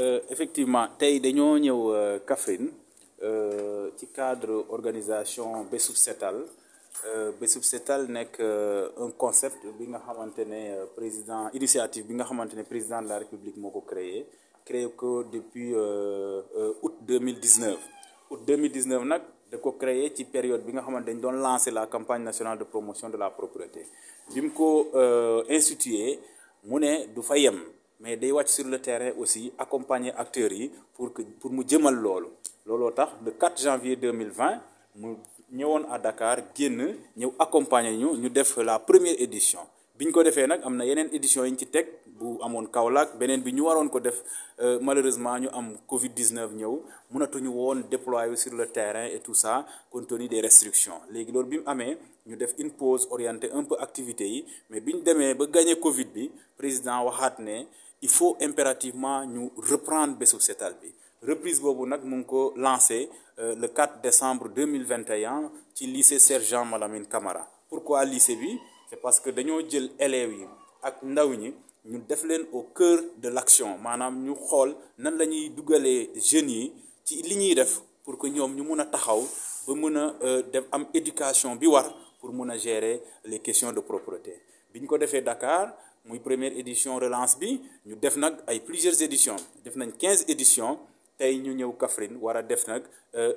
Euh, effectivement tey dañoo ñëw euh, Kaffrine euh, ci cadre organisation Bessouf Setal Bessouf Setal nekk un concept bi nga xamante président initiative bi nga président de la République moo créé ko depuis août 2019 août 2019 nag da ko créé ci période bi nga avons dañ doon la campagne nationale de promotion de la propriété. bi mu institué mu ne du Fayem mais day sur le terrain aussi accompagner acteurs pour que pour mu jëmal loolu looloo tax le 4 janvier 2020 mu ñëwoon à Dakar génn ñëw accompagner ñu ñu def la première édition Nous avons ko defee nag na édition yi ñu ci teg bu amoon Kaolack beneen bi ñu ko def euh, malheureusement ñu am Covid 19 ñëw mënatuñu woon déployer sur le terrain et tout ça compte tenu des restrictions Nous avons bi def une pause orientée un peu activité mais biñ deme, demee ba gagné Covid bi président a ne il faut impérativement nous reprendre bésub setal bi reprise boobu nag mu lancé euh, le 4 décembre 2021 ci lycée Sergent Malamine Kamara. pourquoi lycée bi c'est parce que avons jël élèves yi ak nous ñi ñu def leen au cœur de l'action Nous ñu xol nan les jeunes yi ci liñuy def pour que ñom ñu mëna taxaw ba mëna euh, am éducation bi war pour mëna gérer les questions de propreté Nous avons ko défé Dakar la première édition relance bi ñu def nak plusieurs éditions def nañ 15 éditions tay ñu ñëw Kaffrine wara def nak euh,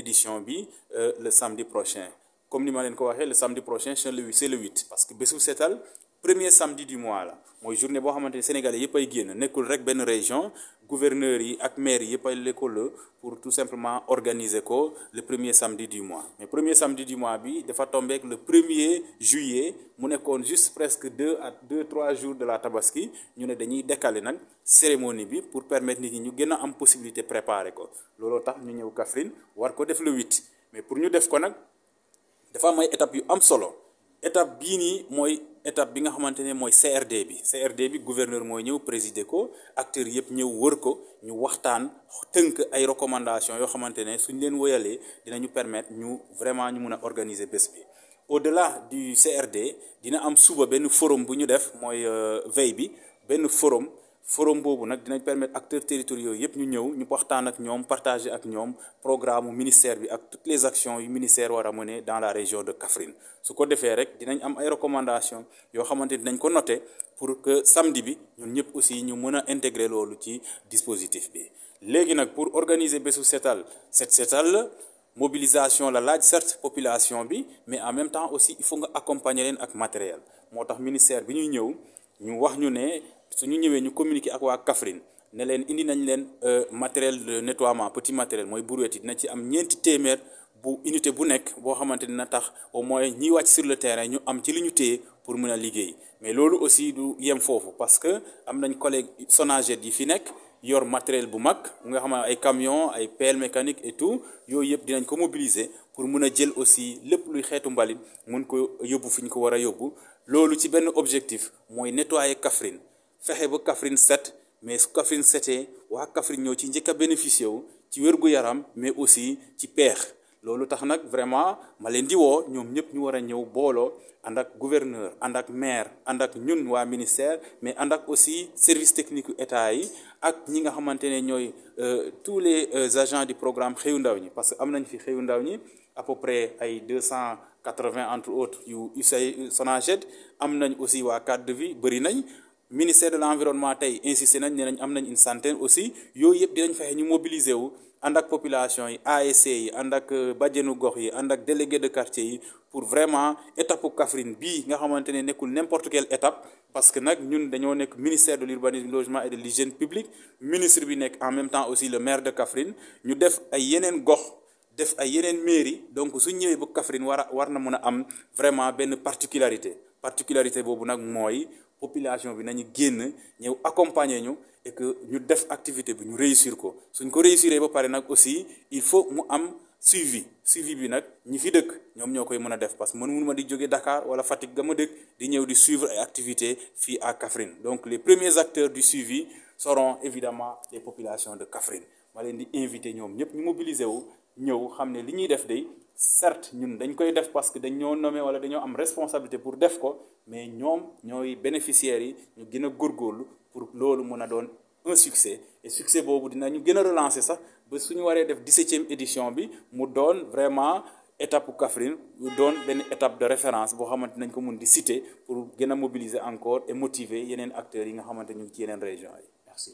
édition bi euh, le samedi prochain comme ni ma leen ko le samedi prochain c'est le 8. c'est le parce que besou setal premier samedi du mois là mooy journée bo xamante sénégalais yëpp ay guen nekul rek ben région gouverneur yi ak maires yi yëpp ay lëkkaloo pour tout simplement organiser ko le premier samedi du mois mais premier samedi du mois bi dafa tombé ak le er juillet mu nekkoon juste presque 2 à 2 3 jours de la tabaski ñu né dañuy décaler nak cérémonie bi pour permettre nit ñu gëna am possibilité préparer ko lolo tax ñu ñëw Kaffrine war ko def le 8. mais pour ñu def ko nak dafa may étape yu am solo étape bi ni moy étape bi nga xamantene moy CRD bi CRD bi gouverneur moy ñëw présider ko acteurs yépp ñëw wër ko ñu waxtaan teunk ay recommandations yo xamantene ne suñ leen woyalee dinañu permettre ñu vraiment ñu mëna organiser bes bi. au-delà du CRD dina am suba ben forum bu ñu def mooy euh, veille bi ben forum forum boobu nag dinañ permettre acteurs territoriaux yëpp ñu ñëw ñu waxtaan ak ñoom partager ak ñoom programme ministère bi ak toutes les actions yu ministère war a mener dans la région de Kaffrine su ko defee rek dinañ am ay recommandations yoo xamante dinañ ko noter pour que samedi bi ñun ñëpp aussi ñu mën a intégrer loolu ci dispositif bi. léegi nag pour organiser bésu setal cette setal la mobilisation la laaj certes population bi mais en même temps aussi il faut nga accompagner leen ak matériel moo tax ministère bi ñuy ñëw ñu wax ñu ne suñu ñu ñëwee ñu communiquer ak waa Kaffrine ne leen indi nañ leen euh, matériel de nettoiement petit matériel mooy brouette yi dina ci am ñeenti téeméer bu unité bu nekk boo xamante na tax au moins ñiy wàcc sur le terrain ñu am ci li ñu téye pour mën a liggéey mais loolu aussi du yem foofu parce que am nañ collègue Sonaged yi fi nekk yor matériel bu mag nga xam ay camion ay pl mécanique et tout yooyu yëpp dinañ ko mobiliser pour mun a jël aussi lépp luy xeetu mbalit mun ko yóbbu fi ñu ko war a yóbbu loolu ci benn objectif mooy nettoyer Kaffrine fexe ba Kaffrine set mais su Kaffrine setee waa Kaffrine ñoo ci njëkk bénéficié wu ci wërgu yaram mais aussi ci père lolu tax nak vraiment ma leen di wo ñom ñëpp ñu wara ñëw booloo ak gouverneur ànd ak maire ànd ak ñun wa ministère mais ànd ak aussi service technique état yi ak ñi nga xamante ñoy euh, tous les euh, agents du programme xëyu ndaw ñi parce que am nañ fi xëyu ndaw ñi à peu près ay 280 entre autres yu USAID SONAGED am nañ aussi wa cadre de vie bari nañ ministère de l'Environnement a insisté nañ ne am nañ une centaine aussi Nous avons dinañ fexe ñu mobiliser wu andak population yi ASC yi euh, délégué de quartier pour vraiment étape Kafrine bi nga xamantene nekul n'importe quelle étape parce que nous ñun dañoo nek ministère de l'urbanisme logement et de l'hygiène publique ministre bi en même temps aussi le maire de Kafrine ñu def ay yenen gox def ay yenen mairie donc su ñëwee bu Kafrine war war na am vraiment une particularité particularité boobu nak moy population bi nañu génn ñew accompagner ñu et que ñu def activité bi ñu réussir ko suñ ko réussir ba paré nak aussi il faut mu am suivi suivi bi nak ñi fi dëkk ñom ñokoy mëna def parce que mënu ma di joggé Dakar wala Fatick ga ma dëkk di ñew di suivre ay Fi à Kaffrine donc les premiers acteurs du suivi seront évidemment les populations de Kaffrine ma leen di invité ñom ñep ñu mobiliser wu ñëw xam ne li ñuy def day certes ñun dañ koy def parce que dañoo nommé wala dañoo am responsabilité pour def ko mais ñoom ñooy bénéficiaires yi ñu gën a góorgóorlu pour loolu mun a doon un succès et succès boobu dinañu gën a relancer sax ba suñu waree def 17e édition bi mu doon vraiment étape bu Kaffrine mu doon benn étape de référence boo xamante nañ ko mun di citer pour gën a mobiliser encore et motiver yeneen acteurs yi nga xamante ñu ci yeneen région yi merci